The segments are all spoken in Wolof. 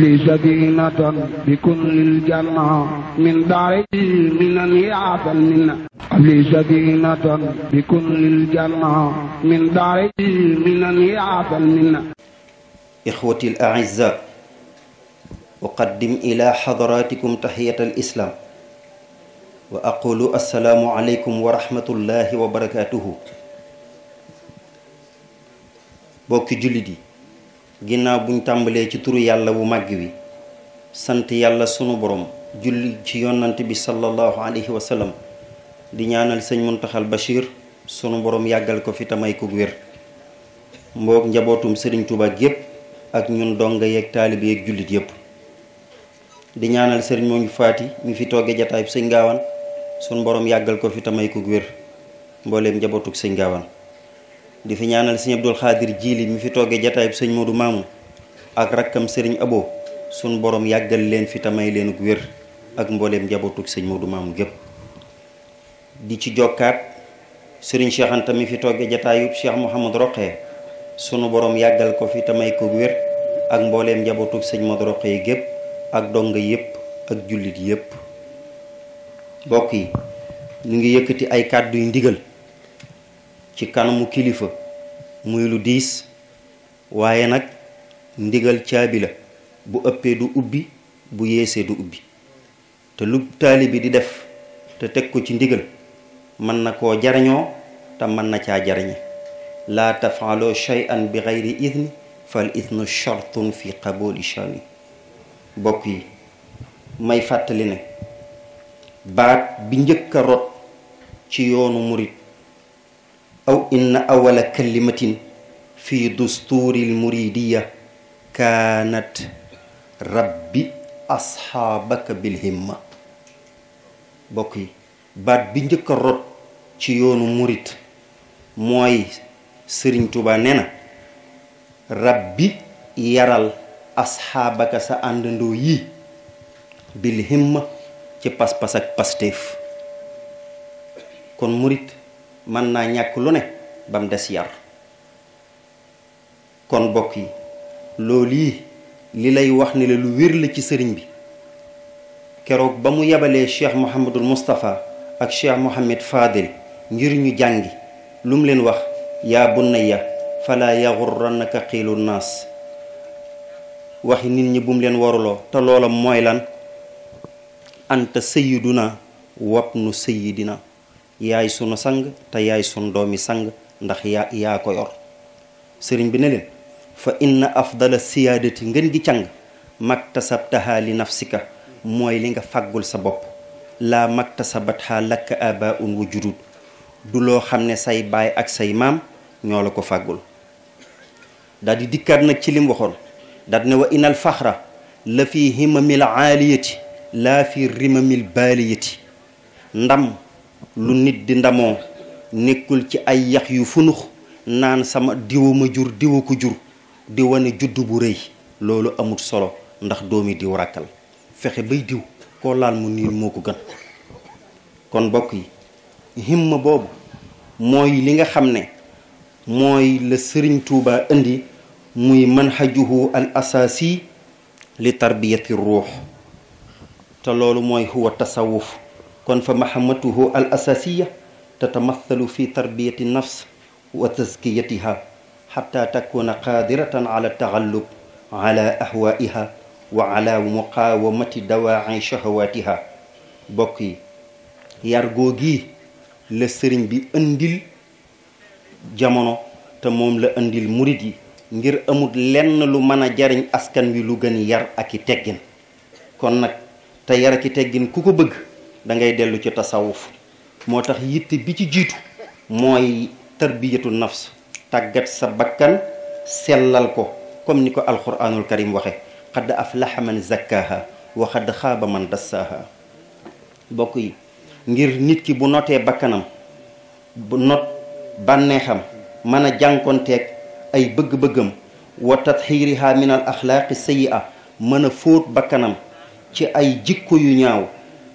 li sakinatan bi kulli janna min dari minan yaatal minna li sakinatan bi kulli janna min dari minan yaatal minna ixwati al aizza uqaddim ila xadratikum taxiyat al islam wa aqulu assalaamu aleykum wa rahmatullahi wa barakatuhu bokki jullit yi ginnaaw buñ tàmbalee ci turu yàlla wu màgg wi sant yàlla sunu boroom julli ci yonant bi sallallahu alayhi wa di ñaanal sëñ muntaxal bachir sunu boroom yàggal ko fi tamay ko wér mboog njabootum sëriñ Tuuba yépp ak ñun donga yeeg taalibe yeeg jullit yépp di ñaanal sëriñ mooñu faati mi fi tooge jataay sëñ gaawaan sunu borom yàggal ko fi tamay ko wér mbooleem njabootuk sëñ gaawaan di fi ñaanal sëñ Abdul Xaadir Jiili mi fi toggee jataay bi sëñ Modou Mamoun ak rakkam sëriñ Abo suñ borom yàggal leen fi tamay leen ak wér ak mbooleem njabootug sëñ Modou Mamoun gépp di ci jokkaat sëriñ Cheikh mi fi toogee jataayub Cheikh Mouhamad Roqee sunu borom yàggal ko fi tamay ko wér ak mbooleem njabootug sëñ Modou Roqee gépp ak donga yépp ak jullit yépp mbokk yi ñu ngi yëkkati ay kàddu yu ndigal ci kanamu kilifa muy lu diis waaye nag ndigal caabi la bu ëppee du ubbi bu yéesee du ubbi te lu taalibi di def te teg ko ci ndigal mën na ko jariñoo te mën na caa jariñe laa tafaaloo shay'an bi gayri idni fal idnu shartun fi qabooli shani bokk yi may fàttali ne baat bi njëkk rot ci yoonu murit aw inna awala kalimatin fi dusturi lmuridiya kaanat rabbi asxaabaka bilhimma bokk yi baat bi njëkk a ci yoonu murit mooy sëriñ Tuubaa nee na rabbi yaral asxaabaka sa àndandoo yi bilhimma ci pas-pas ak pasteef kon murit mën naa ñàkk lu ne ba mu des yar kon bokk yi loolu yi li lay wax ni la lu wér la ci sëriñ bi keroog ba mu yebalee cheikh Mouhamadul Moustapha ak cheikh Mouhamed Fadil ngir ñu jàngi lu mu leen wax yaa ya fala yaxurrannaka xiilu naas waxi nit ñi bu mu leen waruloo te loola mooy lan anta sayiduna wabnu sayidina yaay sunu sang te yaay sunu doomi sang ndax yaa yaa ko yor sëriñ bi ne leen fa inna afdala siyaadati ngën gi càng maktasabtaha li nafsika mooy li nga fàggul sa bopp laa maktasabatha lakka abaun wu judud du loo xam ne say baay ak say maam ñoo la ko fàggul daal dikkaat nag ci lim waxoon daal ne wa inal faxra la fi himamil aaliyati laa fi rimamil baaliyati ndam lu nit di ndamoo nekkul ci ay yax yu funux naan sama diwu ma jur diwu ko jur di wane judd bu rëy loolu amul solo ndax doomi diw ràkkal fexe bay diw koo laal mu niil moo ko gën kon bokk yi himma boobu mooy li nga xam ne mooy la sëriñ Tuuba indi muy manhajuhu al asaasi li tarbiyati ruux te loolu mooy huwa tasawuf kon fa mahamatuhu al asasiya tatamathalu fi tarbiyati nafs wa taskiyatiha xata takuna qadiratan ala taxallub ala ahwaiha wa ala muqawamati dawaai bokk yi yar googi la sëriñ bi indil jamono te moom la indil murit yi ngir amul lenn lu mën a jariñ askan wi lu gën yar ak i teggin kon nag te yar ak i teggin ku ko bëgg da ngay dellu ci tasawuf moo tax yitte bi ci jiitu mooy tarbiyatu nafs tàggat sa bakkan sellal ko comme ni ko alquranul karim waxe xad aflaha man zakkaha wa xad xaaba man dassaaha bokk yi ngir nit ki bu notee bakkanam bu not bànneexam mën a jànkonteeg ay bëgg-bëggam wa tatxiiriha min al sayi a mën a fóot bakkanam ci ay jikko yu ñaaw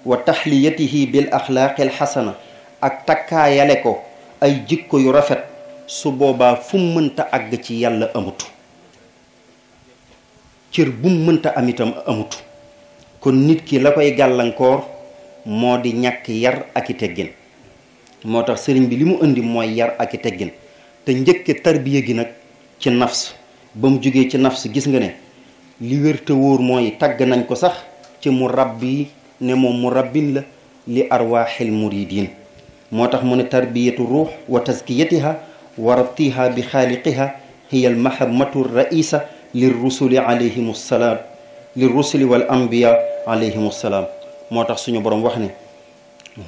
tax wa taxliyatihi bil axlaaqi alxasana ak takkaayale ko ay jikko yu rafet su boobaa fu mu mënta àgg ci yàlla amutu cër bu mu mënta am itam amut kon nit ki la koy gàllankoor moo di ñàkk yar ak i teggin moo tax sëriñ bi li mu indi mooy yar ak i teggin te njëkke tarbiya gi nag ci nafs ba mu jógee ci nafs gis nga ne li wér te wóor mooy tagg nañ ko sax ci mu ràbbi ne moom mu rabbin la li arwaaxil muridin moo tax mu ne tarbiyatu ruux wa taskiyatiha wa rabtiha bi xaaliqiha hiya almahamatu raisa lirrusuli alayhim assalaam lirrusuli wal ambiya alayhim assalaam moo tax suñu boroom wax ne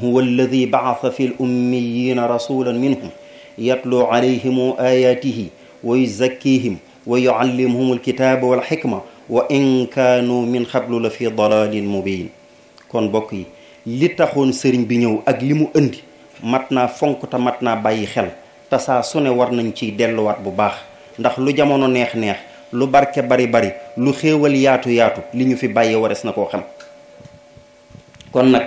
huwa alladi baasa fi l ummiyina rasulan minhum yatlu alayhim ayaatihi wa yuzakkihim wa yuallimuhum alkitaaba walxikma wa in kaanu min xablu la fi dalalin mubin kon bokk yi li taxoon sëriñ bi ñëw ak li mu indi mat naa fonk te mat naa bàyyi xel te saa su ne war nañ ciy delluwaat bu baax ndax lu jamono neex-neex lu barke bari bari lu xéewal yaatu yaatu li ñu fi bàyyi wares na koo xam kon nag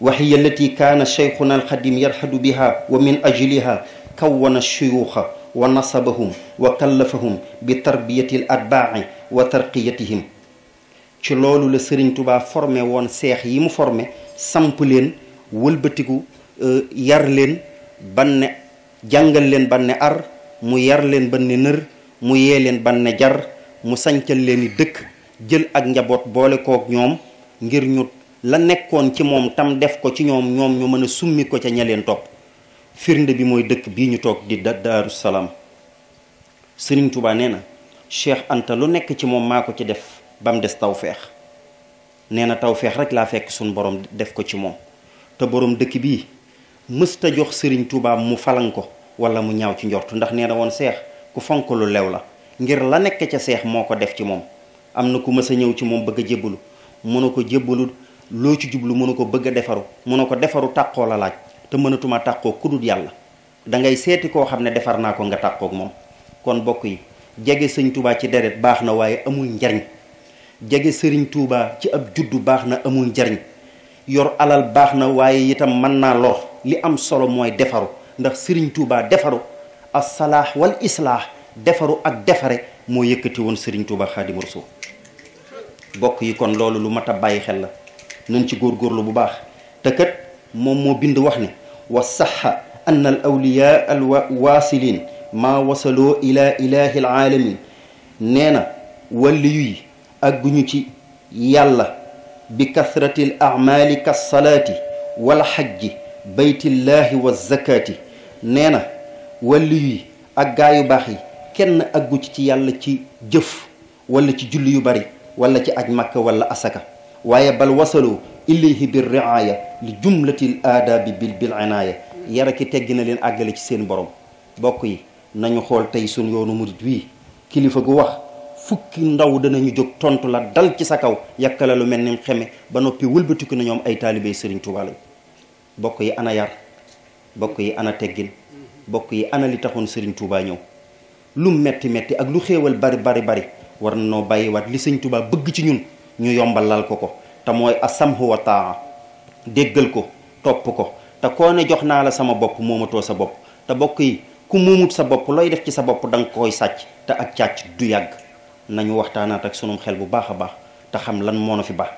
wax allati kaana cheikhuna alxadim yarxadu biha wa min ajliha kawwana shuyuuxa wa nasabahum wa kallafahum bi tarbiyati al atbaaci wa tarqiyatihim ci loolu la sëriñ Touba formé woon seex yi mu formé samp leen wëlbatiku euh, yar leen ban jàngal leen ban ar mu yar leen ban ne nër mu yee leen ban ne jar mu sancal leen i dëkk jël ak njaboot boole kook ñoom ngir ñu la nekkoon ci moom tam def ko ci ñoom ñoom ñu mën a summi ko ca ña leen topp firnde bi mooy dëkk bii ñu toog di Daaru Salaam sëriñ Touba nee na Cheikh Anta lu nekk ci moom maa ko ci def ba mu des tawfeex nee na tawfeex rek laa fekk sunu borom def ko ci moom te borom dëkk bii mësta jox sëriñ tubaab mu falan ko wala mu ñaaw ci njortu ndax nee na woon seex ku fonk lu lew la ngir la nekk ca seex moo ko def ci moom am na ku mës a ñëw ci moom bëgg a jébbalu mu ne ko jébbalu loo ci jublu mu ne ko bëgg a defaru mu ne ko defaru tàqoo la laaj te mënatuma tàqoo kudut yàlla da ngay seeti koo xam ne defar naa ko nga tàqoog moom kon bokk yi jege sëñ Touba ci deret baax na waaye amul njariñ jege sëriñ Touba ci ab juddu baax na amul njariñ yor alal baax na waaye itam mën naa lor li am solo mooy defaru ndax sëriñ Touba defaru assalaax wal islaax defaru ak defare moo yëkkati woon sëriñ Touba xaadimu rasul bokk yi kon loolu lu mat a bàyyi xel la nañ ci góor góorgóorlu bu baax te kat moom moo bind wax ne wa saxa anna al awliya al waasiliin maa wasaloo ila ilahi alaalamin nee na wàlli ñu ci yàlla bi kasratil amaali kassalaati wal xajji baytillaahi wa zakaati nee na wàllu yi ak gaa yu baax yi kenn aggu ci ci yàlla ci jëf wala ci julli yu bari wala ci aj makka wala asaka waaye bal wasaloo ilayhi bir riaya li jumlatil aadaabi bil bil inaaya yara ki teggi na leen àggale ci seen borom bokk yi nañu xool tey sun yoonu murit wii kilifa gu wax fukki ndaw danañu jóg tontu la dal ci sa kaw yàkkala lu mel ni mu xeme ba noppi wëlbatiku na ñoom ay taalibey sëriñ Tuubaa bokk yi ana yar bokk yi ana teggin bokk yi ana li taxoon sëriñ Tuubaa ñëw lu metti metti ak lu xéewal bari bari bari war noo bàyyiwaat li sëñ Tuubaa bëgg ci ñun ñu lal ko ko te mooy asamhu wa taa déggal ko topp ko te koo ne jox naa la sama bopp moomatoo sa bopp te bokk yi ku moomut sa bopp looy def ci sa bopp da koy sàcc te ak càcc du yàgg nañu waxtaanaat ak sunum xel bu baax a baax te xam lan moonu fi baax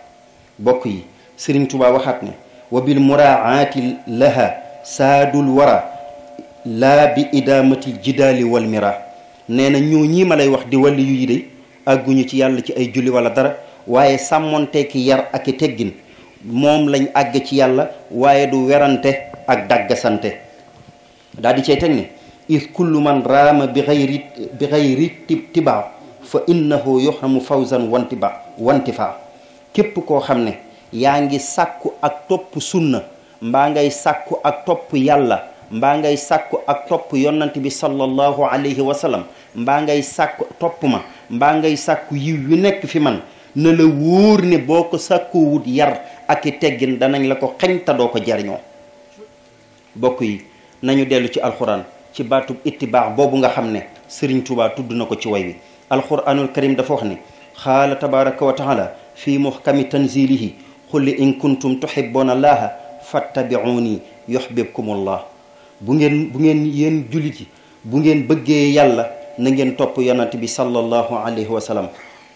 bokk yi sëriñ Tuubaa waxaat ne wa bil muraaati saadul wara laa bi idaamati jidaali wal mira nee na ñoo ñii ma lay wax di wàlli yu yi àgguñu ci yàlla ci ay julli wala dara waaye sàmmonteeki yar ak i teggin moom lañu àgg ci yàlla waaye du werante ak dàggasante daal di cay teg ne is man raama bi xayri bi xayri fa innahu yuhramu fawzan wanti ba wanti fa képp koo xam ne yaa ngi sàkku ak topp sunna mbaa ngay sàkku ak topp yàlla mbaa ngay sàkku ak topp yonant bi sallallahu alayhi wa mbaa ngay sàkku topp ma mbaa ngay sàkku yiw yu nekk fi man na la wóor ne boo ko sàkkoo yar ak i teggin danañ la ko xañ te ko jariñoo bokk yi nañu dellu ci alxuraan ci baatub itibaax boobu nga xam ne Sëriñ Tuubaa tudd na ko ci woy wi alquranul karim dafa wax ni xaala tabaraka wa taala fi muhkami tanzilihi xulli in kuntum tuhibbuna allaha fattabi'uni yuhbibkum allah bu ngeen bu ngeen yéen jullit yi bu ngeen bëggee yàlla na ngeen topp yonent bi sallallahu alayhi wa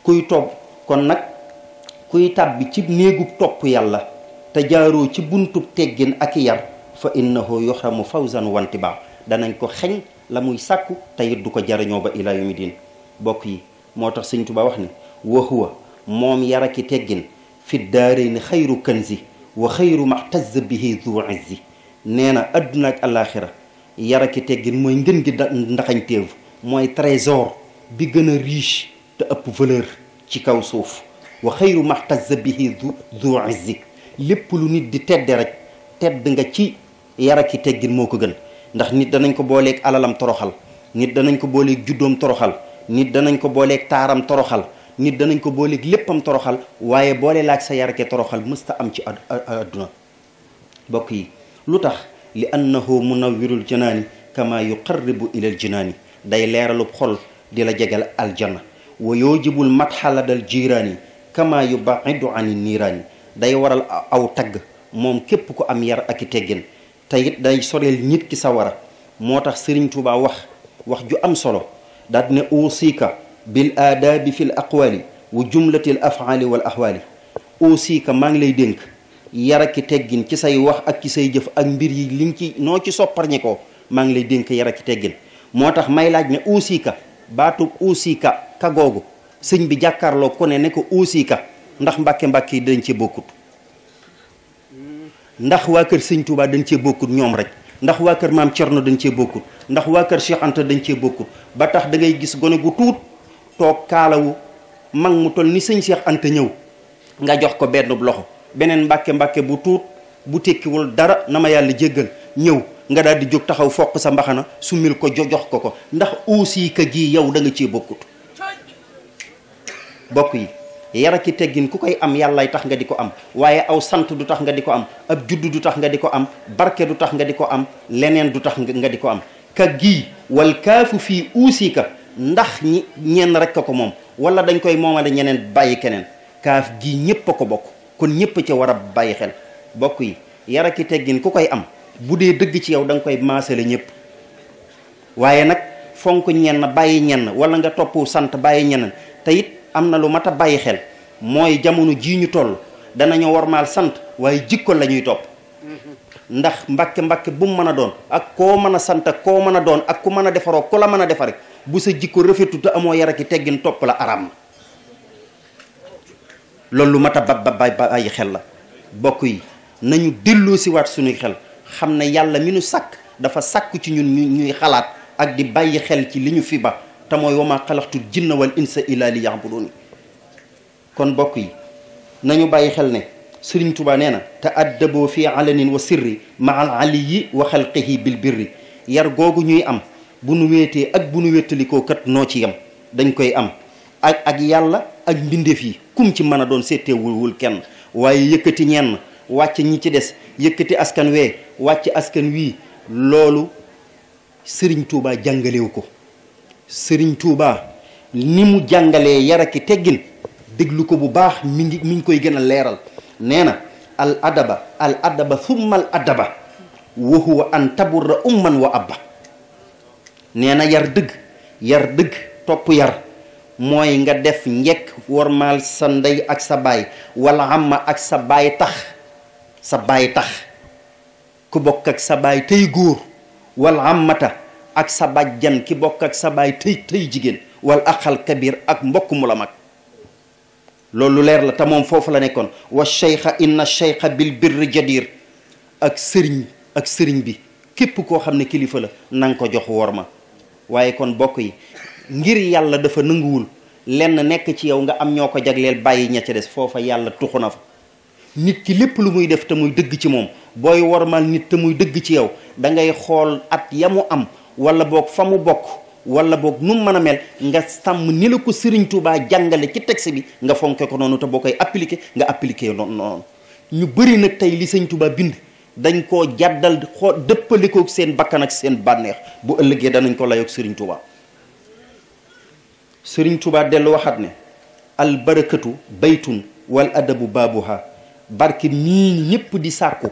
kuy topp kon nag kuy tàbbi ci néegub topp yàlla te jaaroo ci buntub teggin ak yar fa innahu yuhramu fawzan wanti baa danañ ko xeñ la muy sàkku te it du ko jariñoo ba ilaa yawmi diin bokk yi moo tax sëñ Tuubaa wax ne wa huwa moom yar aki teggin fi daarayni xayru kanzi wa xayru maxtaz bihi zu izzi nee na adduna ak alaxira yar aki teggin mooy ngën gi ndaxañ téew mooy trésor bi gën a riche te ëpp valeur ci kaw suuf wa xayru maxtaz bihi zu izzi lépp lu nit di tedde rek tedd nga ci yar aki teggin moo ko gën ndax nit danañ ko booleeg alalam toroxal nit danañ ko booleeg juddoom toroxal nit danañ ko booleeg taaram toroxal nit danañ ko booleeg léppam toroxal waaye boole laaj sa yarake toroxal mësta am ci adduna bokk yi lu tax li annahu munawwirul janaani kama yuqarribu ilal jinaani day leeralub xol di la jegal aljanna wa yoojibul matxaladal jiraani kama yubaxidu ani niiraani day waral aw tagg moom képp ku am yar ak i teggin te it day soreel nit ki sawara moo tax Sëriñ Tuubaa wax wax ju am solo daat ne uusika bil aadaabi fil aqwali wa jumlatil afaali wal ahwaali uusika maa ngi lay dénk yar ak teggin ci say wax ak ci say jëf ak mbir yi liñ ci noo ci sopparñi ko maa ngi lay dénk yar ak teggin moo tax may laaj ne uusika baatub uusika ka googu sëñ bi jàkkaarloo ko ne ne ko uusika ndax mbàkke mbàkke yi dañ cee bokkut ndax waa kër sëñ Tuubaa dañ cee bokkut ñoom rek ndax waa kër maam na dañ cee bokkut ndax waa kër Cheikh Anta dañ cee bokkut ba tax da ngay gis gone gu tuut toog kaalawu mag mu toll ni sëñ Cheikh Anta ñëw nga jox ko benn loxo beneen mbàkke mbàkke bu tuut bu tekkiwul dara na ma yàlla jéggal ñëw nga daal di jóg taxaw foq sa mbaxana summil mil ko jox ko ko ndax aussi ka gi yow danga nga cee bokk yi yar ak teggin ku koy am yàlla yàllaay tax nga di ko am waaye aw sant du tax nga di ko am ab juddu du tax nga di ko am barke du tax nga di ko am leneen du tax nga di ko am ka gii wal kaafu fii uusika ndax ñi ñenn rek ko moom wala dañ koy moomale ñeneen bàyyi keneen kaaf gii ñépp a ko bokk kon ñépp a ca war a bàyyi xel bokk yi yar ak teggin ku koy am bu dee dëgg ci yow da nga koy la ñépp waaye nag fonk ñenn bàyyi ñenn wala nga topp sant bàyyi ñeneen am na lu mat a bàyyi xel mooy jamono jii ñu toll danañu warmaal sant waaye jikko la ñuy topp ndax mbàkke mbàkke bu mu mën a doon ak koo mën a sant ak koo mën a doon ak ku mën a defaroo ku la mën a defare bu sa jikko rafetu amoo yar ak teggin topp la araam loolu lu mat a ba bàyyi xel la bokk yi nañu delloo si waat suñuy xel xam na yàlla mi nu sàkk dafa sàkku ci ñun ñuy xalaat ak di bàyyi xel ci li ñu fi ba te mooy wa maa xalaxtul jinna wal insa illa li ya'buduni kon bokk yi nañu bàyyi xel ne sëriñ Tuubaa nee na te addaboo fii alanin wa sirri maal aliyi wa xalqihi bil birri yar googu ñuy am bu nu wéetee ak bu nu wéttalikoo kat noo ci yam dañ koy am ak ak yàlla ak mbindeef yi kum ci mën a doon seeteewul kenn waaye yëkkati ñenn wàcc ñi ci des yëkkati askan wee wàcc askan wii loolu sëriñ tuuba jàngalewu ko sëriñ tuuba ni mu jàngalee yar ak teggin déglu ko bu baax mi ngi mi ngi koy gën a leeral nee na al adaba al adaba thumma al adaba wa huwa an wa abba neena yar dëgg yar dëgg topp yar mooy nga def njekk wormaal sa ndey ak sa baay wala amma ak sa baay tax sa baay tax ku bokk ak sa baay tey góor wala ammata ak sa bàjjan ki bokk ak sa baay tëy tëy jigéen wal axal kabir ak mbokk mu la mag loolu leer la te moom foofu la nekkoon wa cheikha inna cheikha bil birri jadir ak sëriñ ak sëriñ bi képp koo xam ne kilifa la na ko jox wor ma waaye kon bokk yi ngir yàlla dafa nanguwul lenn nekk ci yow nga am ñoo ko jagleel bàyyi ña ca des foofa yàlla tuxu na fa nit ki lépp lu muy def te muy dëgg ci moom booy wormal nit te muy dëgg ci yow ya wala boog fa mu bokk wala boog nu mu mën a mel nga sàmm ni la ko Serigne Touba jàngale ci texte bi nga fonke ko noonu te boo koy appliqué nga appliqué noonu noonu ñu bëri nag tey li Serigne Touba bind dañ koo jàddal xoo dëppalikoo seen bakkan ak seen bànneex bu ëllëgee danañ ko layoog Serigne Touba sëriñ Touba dellu waxat ne albarakatu baytun wal adabu baabuha barke nii ñëpp di sàkku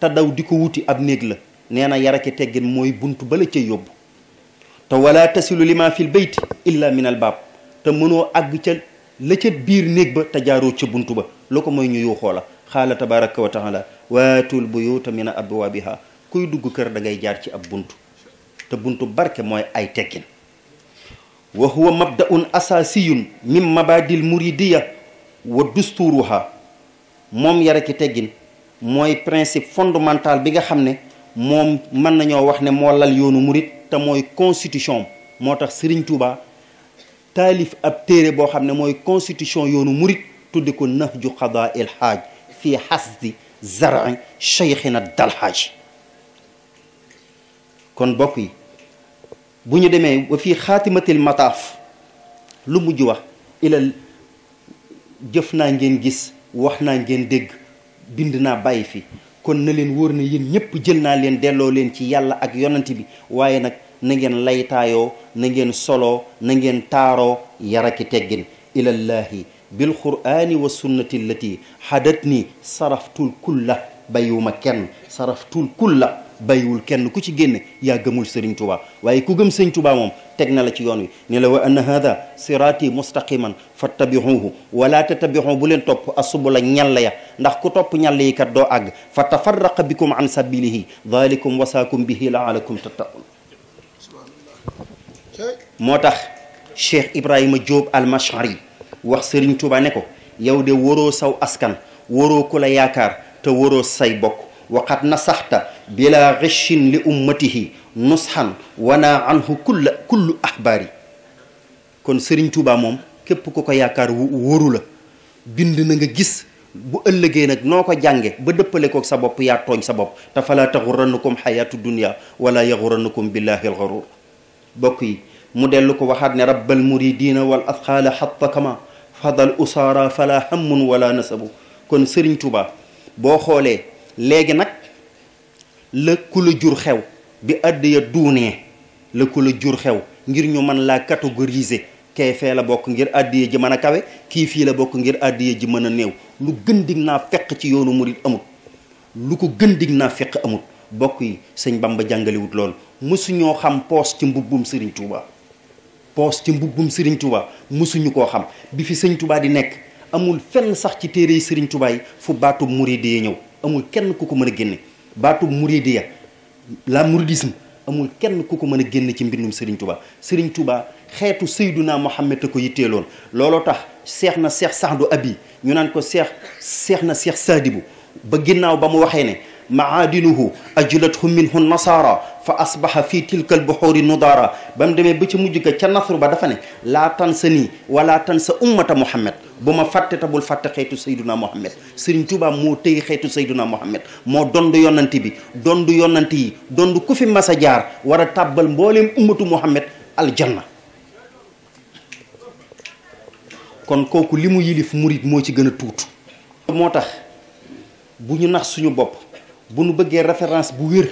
te daw di ko wuti ab néeg la nee na yara ki teggin mooy bunt bala ca yóbbu te wala tasilu lima fil bayti illa min baab te mënoo àgg ca la biir néeg ba te jaaroo ca bunt ba loo ko mooy ñu yuuxoo la xaala tabaraka wa taala waatul buyuuta min abwaabiha kuy dugg kër da ngay jaar ci ab bunt te bunt barke mooy ay teggin wa huwa mabdaun asasiyun min mabadil muridiya wa dusturuha moom yara teggin mooy principe fondamental bi nga xam ne moom mën nañoo wax ne moo lal yoonu murit te mooy constitution moo tax sëriñ Touba taalif ab téere boo xam ne mooy constitution yoonu murit tuddi ko nahju qadaa il haaj fii hasdi zari cheikhina dalhaaj kon bokk yi bu ñu demee ba fii xaatimatil mataaf lu mujj wax ilal jëf naa ngeen gis wax naa ngeen dégg bind naa bàyyi fii kon na leen wóor na yéen ñëpp jël naa leen delloo leen ci yàlla ak yonant bi waaye nag nangeen laytaayoo na ngeen soloo na ngeen taaroo ki teggin ilallahi bil qur'ani wa sunnati allati hadat ni saraftul kulla bayuma kenn saraftul kulla bàyyiwul kenn ku ci génne yaa gëmul sëriñ waaye ku gëm sëriñ Tuubaa moom teg na la ci yoon wi ne la wa anna hada siraati mustaqiman fattabihuhu wala tattabihu bu leen topp a ñalla ya ndax ku topp ñalla yi kat doo àgg fa tafarraqa bikum an sabilihi dalikum wasaakum bihi laalakum tattaqun moo tax Cheikh Ibrahima Diop al-Mashari wax sëriñ Tuubaa ne ko yow de waroo saw askan waroo ku la yaakaar te waroo say bokk waqad nasaxta bila xichin li ummatihi nusxan wana anhu kulla kullu axbaari kon sëriñ Tuubaa moom képp ku ko yaakaar wóoru la bind na nga gis bu ëllëgee nag noo ko jànge ba dëppale kook sa bopp yaa tooñ sa bopp te falaa taxurannakum xayaatu dunia wala yaxurannakum billahi alxarur bokk yi mu dellu ko waxaat ne rabbal muridina wal asxaala xattakama fadal usaara fala hammun wala nasabu kon sëriñ Tuubaa boo xoolee léegi nag la ku la jur xew bi addiya duunee la ku la jur xew ngir ñu mën laa catégoriser kee la bokk ngir addiya ji mën a kawe kii fii la bokk ngir addiya ji mën a néew lu gën dig naa fekk ci yoonu murit amut lu ko gën dig naa fekk amut bokk yi sëñ Bamba jàngalewut loolu mësuñoo xam poos ci mbubbum Serigne Touba poos ci mbubbum sëriñ Touba mësuñu koo xam bi fi sëñ Touba di nekk amul fenn sax ci téere Serigne Touba yi fu baatu murit yi ñëw amul kenn ku ko mën a génne baatu muridiya la mouridisme amul kenn ku ko mën a génn ci mbindum Serigne Touba Serigne Touba xeetu Seyduna Mohamed te ko yitteeloon looloo tax seex na seex saxdu abi ñu naan ko seex seex na seex saadibu ba ginnaaw ba mu waxee ne maadinuhu ajlathum minhu nasara fa asbaha fii tilka albuxuuri nudaara ba mu demee ba ca mujj ga ca nasru ba dafa ne laa tansa nii wala tansa ummata muhammad bu ma fàtte tabul fàtte xeetu sayduna muhammad sëriñ Tuubaa moo tëy xeetu sayduna muhammad moo dond yonante bi dond yonante yi dond ku fi mas a jaar war a tàbbal mbooleem ummatu muhammad aljanna kon kooku li mu yilif murit moo ci gën a tuutu moo tax bu ñu nax suñu bopp bu nu bëggee référence bu wér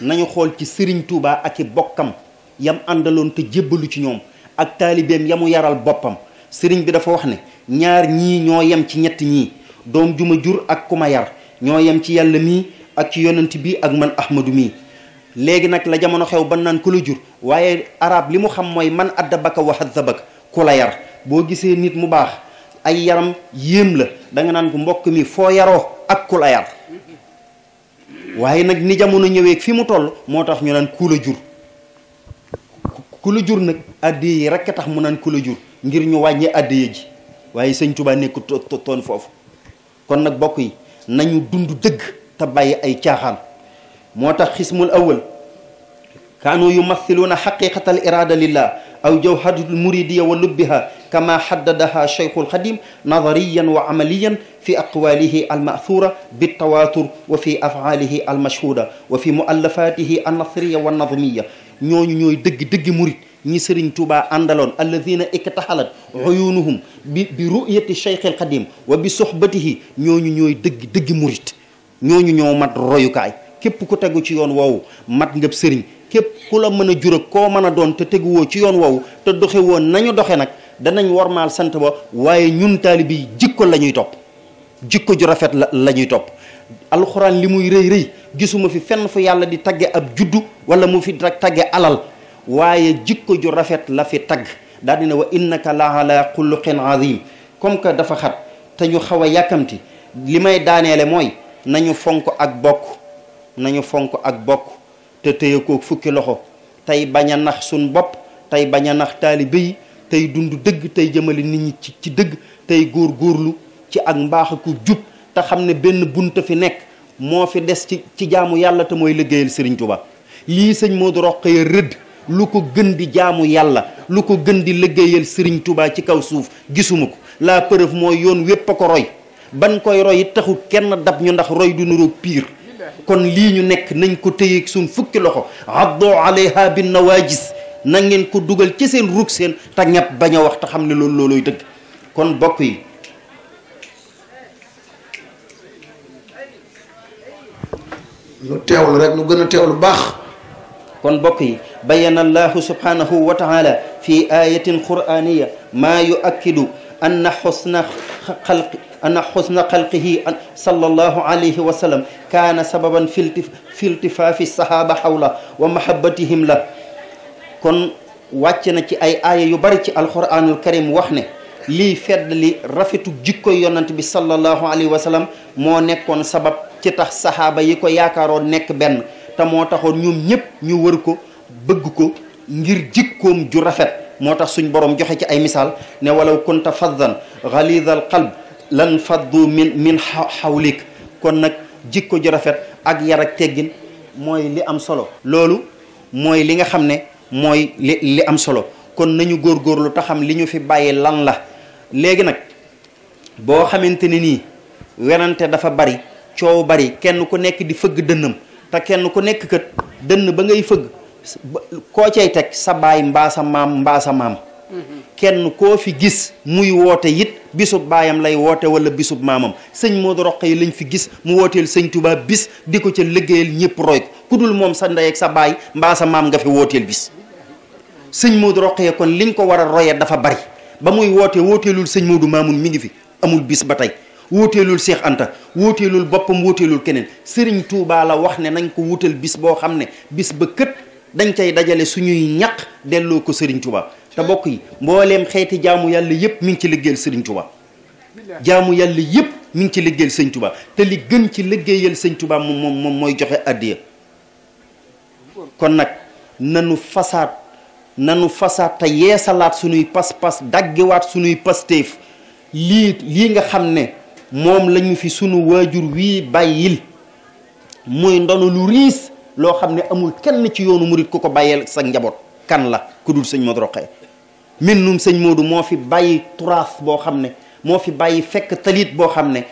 nañu xool ci Serigne Touba ak i bokkam yam àndaloon te jébbalu ci ñoom ak taalibeem yamu yaral boppam Serigne bi dafa wax ne ñaar ñii ñoo yem ci ñett ñii doom juma jur ak ku ma yar ñoo yem ci yàlla mii ak ci yonant bi ak man ahmadu mii léegi nag la jamono xew ban naan ku la jur waaye arab li mu xam mooy man addabaka wa hazzabaka ku la yar boo gisee nit mu baax ay yaram yéem la da nga naan ko mbokk mi foo yaroo ak ku la waaye nag ni jamono ñëwee fi mu toll moo tax ñu naan ku la jur ku jur nag addiya yi rekk tax mu naan ku jur ngir ñu wàññi addiya ji waaye sëñ Tuubaa nekk toon foofu kon nag bokk yi nañu dund dëgg te bàyyi ay caaxaan moo tax xismul awal kano yu kaanu yumathiluuna xaqiqatal irada lillah aw jawharatul muridiya wa lubbiha kama haddadaha cheikhul xadim nadariyan wa amaliyan fi aqwalihi almathura bittawatur wa fi afaalihi almashhuda wa fi muallafatihi annasriya wa nadmiya ñooñu ñooy dëgg dëgg murid ñi sëriñ Tuubaa àndaloon alladina iktahalat uyunuhum bi bi ru'yati cheikhil xadim wa bi sohbatihi ñooñu ñooy dëgg dëgg murid ñooñu ñoo mat royukaay képp ku tegu ci yoon woowu mat ngëb sëriñ képp ku la mën a jurag koo mën a doon te teguwoo ci yoon woowu te doxe woon nañu doxe nag danañ warmaal sant ba waaye ñun taalibe yi jikko la ñuy topp jikko ju rafet la la ñuy topp alxuraan li muy rëy rëy gisuma fi fenn fu yàlla di tagge ab juddu wala mu fi tagge alal waaye jikko ju rafet la fi tagg daal dina wa innaka la ala xuluqin azim comme que dafa xat te ñu xaw a yàkkamti li may daaneele mooy nañu fonk ak bokk nañu fonk ak bokk te téye kook fukki loxo tey bañ a nax suñ bopp tey bañ a nax taalibe yi tey dund dëgg tey jëmale nit ñi ci ci dëgg tey góor góorlu ci ak mbaax aku jub te xam ne benn bunta fi nekk moo fi des ci ci jaamu yàlla te mooy liggéeyal Sëriñ Tuba lii sëñ Modou Rokhaya rëdd lu ko gën di jaamu yàlla lu ko gën di liggéeyal Sëriñ Tuba ci kaw suuf gisuma ko laa preuve mooy yoon wépp a ko roy ban koy roy it taxul kenn dab ñu ndax roy du nuroo pire kon lii ñu nekk nañ ko téye suñ fukki loxo addo alayha bin nawajis na ngeen ko dugal ci seen rug seen te ñepp bañ wax te xam ne loolu looluy dëgg kon bokk yi nu teewlu rek nu gën a teewlu baax kon bokk yi bayana allahu subhanahu wa taala fi ayatin quraniya maa yuakkidu anna xusna xalqi anna xusna xalqihi sallallahu alayhi wa sallam kaana sababan fi iltifaafi sahaaba xawla wa mahabbatihim la kon wàcc na ci ay aaya yu bari ci alquranul karim wax ne lii fedd li rafetu jikko yonant bi sallallahu alayhi wa moo nekkoon sabab ci tax saxaaba yi ko yaakaaroon nekk benn te moo taxoon ñoom ñëpp ñu wër ko bëgg ko ngir jikkoom ju rafet moo tax suñ boroom joxe ci ay misaal ne walaw kunta faddan xalidal qalb lan faddu min min xawlik kon nag jikko ju rafet ak yar ak teggin mooy li am solo loolu mooy li nga xam ne mooy li li am solo kon nañu góor góor lu taxam li ñu fi bàyyi lan la léegi nag boo xamante ni nii werante dafa bari coow bari kenn ku nekk di fëgg dënnam te kenn ku nekk kët dënn ba ngay fëgg koo cay teg sa baay mbaasa maam mbaasa maam kenn koo fi gis muy woote it bisub baayam lay woote wala bisub maamam sëñ moo Modou yi lañ fi gis mu wooteel sëñ Touba bis di ko ca liggéeyal ñëpp roy ko ku dul moom sa ndey ak sa baay mbaa sa maam nga fi wooteel bis sëñ Modou Rokhaya kon liñ ko war a royee dafa bari ba muy woote wooteelul sëñ Modou Mamoun mi ngi fi amul bis ba tey wóoteelul Seex Anta wóoteelul boppam wóoteelul keneen Sëriñ Tuubaa la wax ne nañ ko wutal bis boo xam ne bis ba kët dañ cay dajale suñuy ñaq delloo ko Serigne Touba te bokk yi mbooleem xeeti jaamu yàlla yëpp mi ngi ci liggéeyal Serigne Touba yàlla yëpp mi ngi ci liggéeyal Sëñ Touba te li gën ci liggéeyal Sëñ Touba moom moom mooy joxe addiya kon nag nanu fasaat nanu fasaat te yeesalaat suñuy pas-pas daggewaat suñuy pasteef lii lii nga xam ne moom lañu fi sunu waajur wii bàyyil muy ndono lu riis loo xam ne amul kenn ci yoonu murit ku ko bàyyeel sa njaboot kan la ku dul sëñ Modou Rokhaya min num sëñ Modou moo fi bàyyi turaas boo xam ne moo fi bàyyi fekk talit boo xam ne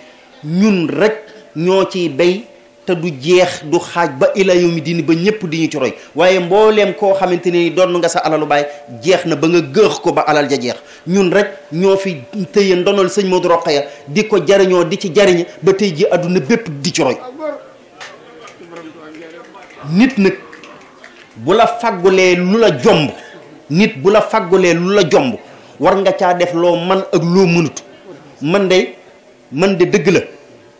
ñun rek ñoo ciy bay te du jeex du xaaj ba ila yawmi diini ba ñëpp di ci roy waaye mbooleem koo xamante ne doon nga sa alalu baay jeex na ba nga gëex ko ba alal ja jeex ñun rek ñoo fi tëye ndonal sëñ Modou Rokhaya di ko jariñoo di ci jariñ ba tey ji àdduna bépp di ci nit nag bu la faggulee lu la jomb nit bu la faggulee lu la jomb war nga caa def loo man ak loo mënut man de man de dëgg la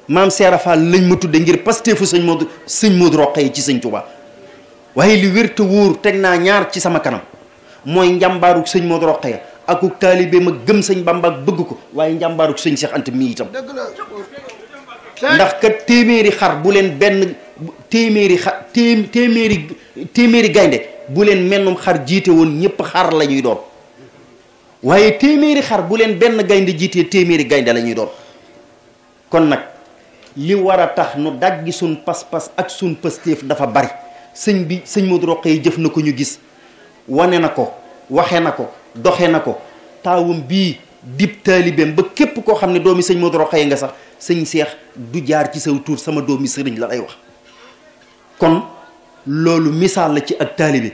maam Seera Fall lañ ma tudde ngir pasteefu sëñ Modou sëñ Modou Roqe yi ci sëñ Touba waaye li wér wóor teg naa ñaar ci sama kanam mooy njàmbaaru sëñ Modou Roqe ya akuk taalibe ma gëm sëñ Bamba ak bëgg ko waaye njàmbaaru sëñ Cheikh Anta mi itam ndax kat téeméeri xar bu leen benn téeméeri xa téeméeri téeméeri gaynde bu leen mennum xar jiite woon ñëpp xar lañuy ñuy doon waaye téeméeri xar bu leen benn gaynde jiitee téeméeri gaynde lañuy ñuy doon kon nag li war a tax nu daggi suñ pas-pas ak suñ pëstéef dafa bari sëñ bi sëñ Modou Rokhaya jëf na ko ñu gis wane na ko waxe na ko doxe na ko taawum bii dib taalibeem ba képp koo xam ne doomi sëñ Modou Rokhaya nga sax sëñ seex du jaar ci saw tuut sama doomi sëriñ la lay wax kon loolu misaal la ci ak taalibe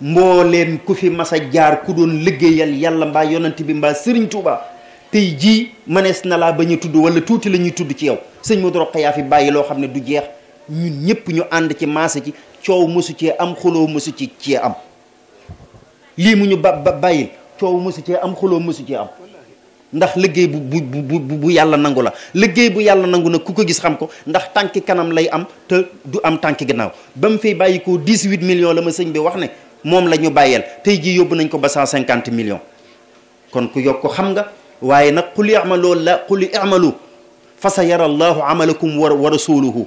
mbooleem ku fi masa jaar ku doon liggéeyal yàlla mbaa yonent bi mbaa Serigne Touba tey jii mënees na laa bañ a tudd wala tuuti la ñuy tudd ci yow sëñ Modou Rokhaya fi bàyyi loo xam ne du jeex ñun ñëpp ñu ànd ci maase ci coow mosu ci am xuloo mosu ci ci am lii mu ñu ba bàyyil coow mosu cee am xuloo mosu ci am ndax liggéey bu bu bu bu yàlla nangu la liggéey bu yàlla nangu na ku ko gis xam ko ndax tànki kanam lay am te du am tànki gannaaw ba mu fiy bàyyi ko 18 millions la ma sëñ bi wax ne moom la ñu bàyyeel tey jii yóbbu nañ ko ba 150 millions kon ku yokk ko xam nga waaye nag qul i'malu la qul i'malu fa sa yara allahu amalakum wa wa rasuluhu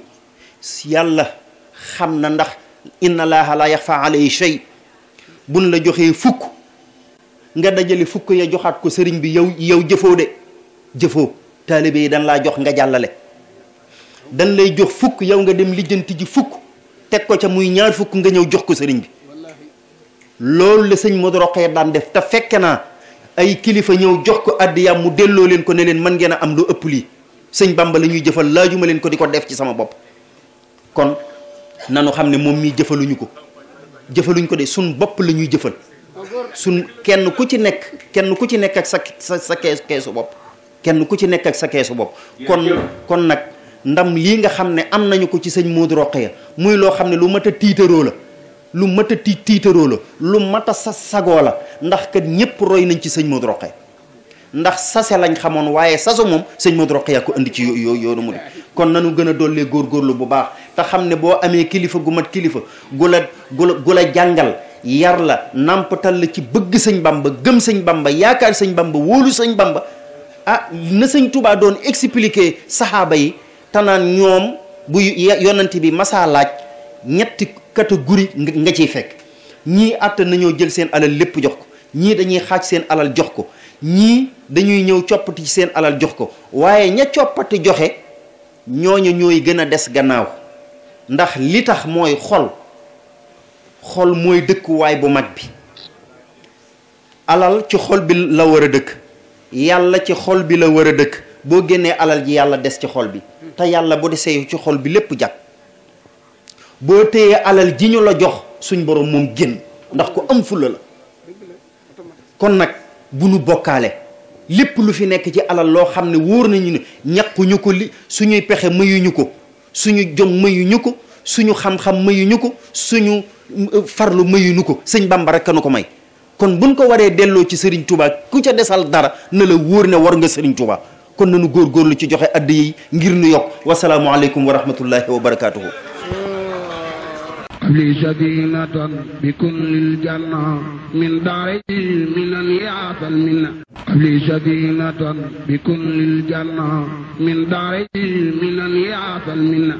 yàlla xam na ndax inna laaha la yaxfa alayhi bu buñ la joxee fukk nga dajale fukk ya joxaat ko sëriñ bi yow yow jëfoo de jëfoo taalibe yi dañ laa jox nga jàllale dañ lay jox fukk yow nga dem lijjanti ji fukk teg ko ca muy ñaar fukk nga ñëw jox ko sëriñ bi loolu la sëñ Modou Rokhaya daan def te fekke naa ay kilifa ñëw jox ko addiyaam mu delloo leen ko ne leen mën ngeen a am lu ëpp lii sëñ Bamba la ñuy jëfal laajuma leen ko di ko def ci sama bopp kon nanu xam ne moom mii jëfaluñu ko jëfaluñ ko de sun bopp lañuy ñuy suñ kenn ku ci nekk kenn ku ci nekk ak sa sa sa kees keesu bopp kenn ku ci nekk ak sa keesu bopp kon kon nag ndam lii nga xam ne am nañu ko ci sëñ Modou Rokhaya muy loo xam ne lu mat a tiitaroo la lu mat a ti tiitaroo la lu mat a sa sagoo la ndax kat ñëpp roy nañ ci sëñ Modou Rokhaya ndax sase lañ xamoon waaye saso moom sëñ Modou Rokhaya ko indi ci yoo yoonu mu di kon nanu gën a dollee góorgóorlu bu baax te xam ne boo amee kilifa gu mat kilifa gu la gu la gu la jàngal yar la nampatal la ci bëgg sëñ bamba gëm sëñ bamba yaakaar sañ bamba wóolu sañ bamba ah na sëñ tubaa doon expliquer saxaaba yi tanaan ñoom bu yonante bi masaa laaj ñetti catégorie nga ciy fekk ñii àttan nañoo jël seen alal lépp jox ko ñii dañuy xaaj seen alal jox ko ñii dañuy ñëw coppati ci seen alal jox ko waaye ña coppati joxe ñooñu ñooy gën a des gannaaw ndax li tax mooy xol xol mooy dëkkuwaay bu mag bi alal ci xol bi la war a dëkk yàlla ci xol bi la war a dëkk boo génnee alal ji yàlla des ci xol bi te yàlla bu desee ci xol bi lépp jag boo téyee alal ji ñu la jox suñ boroom moom génn ndax ko am fulla la kon nag bu nu bokkaale lépp lu fi nekk ci alal loo xam ne wóor nañu ne ñàkkuñu ko li suñuy pexe mayuñu ko suñu jom mayuñu ko suñu xam-xam mayuñu ko suñu euh, farlu mayuñu ko sëñ Bamba rek nu ko may kon buñ ko waree delloo ci sëriñ Touba ku ca desal dara na la wóor ne war nga Serigne Touba kon góor góorgóorlu ci joxe addi yi ngir nu yokk wasalaamualeykum wa rahmatullahi wa barakaatuhu. li sadinatan bikun lil janna min li sadinatan bikun min daari minan yaatal minna